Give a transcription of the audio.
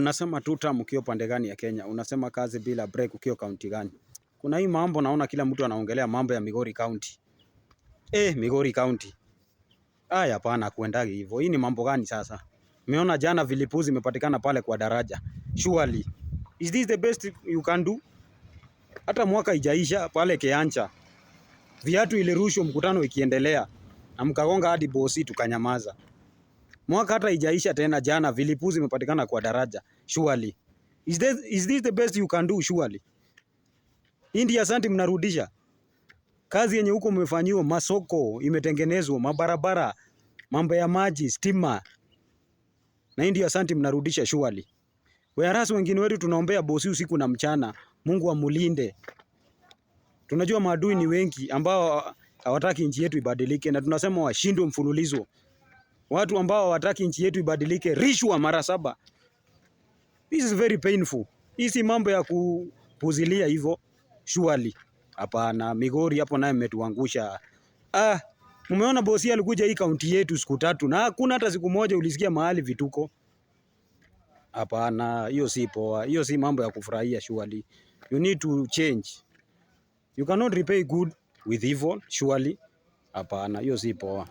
Unasema tu term ukiwa pande gani ya Kenya, unasema kazi bila break ukiwa kaunti gani? Kuna hii mambo naona kila mtu anaongelea mambo ya Migori County. Eh, Migori County. Aya hapana kuendagi hivyo. Hii ni mambo gani sasa? Meona jana vilipuzi imepatikana pale kwa daraja. Surely. Is this the best you can do? Hata mwaka ijaisha pale Kiancha. Viatu ilirushwa mkutano ikiendelea na mkagonga hadi bosi tukanyamaza. Mwaka hata haijaisha tena jana vilipuzi imepatikana kwa daraja. Surely. Is this, is this the best you can do surely? India santi mnarudisha. Kazi yenye huko mmefanyiwa, masoko imetengenezwa, mabarabara, mambo ya maji, stima. Na India santi mnarudisha surely. Whereas wengine wetu tunaombea bosi usiku na mchana, Mungu amulinde. Tunajua maadui ni wengi ambao hawataki nchi yetu ibadilike na tunasema washindwe mfululizo watu ambao hawataki nchi yetu ibadilike, rishwa mara saba. This is very painful. Hizi mambo ya kupuzilia hivyo surely. Hapana, Migori hapo naye mmetuangusha. Ah, mmeona bosi alikuja hii kaunti yetu siku tatu na hakuna hata siku moja ulisikia mahali vituko. Hapana, hiyo si poa. Hiyo si mambo ya kufurahia surely. You need to change. You cannot repay good with evil surely. Hapana, hiyo si poa.